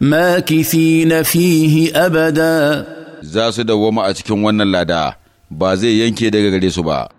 makithina fihi abada za su dawwama a cikin wannan lada ba zai yanke daga gare su ba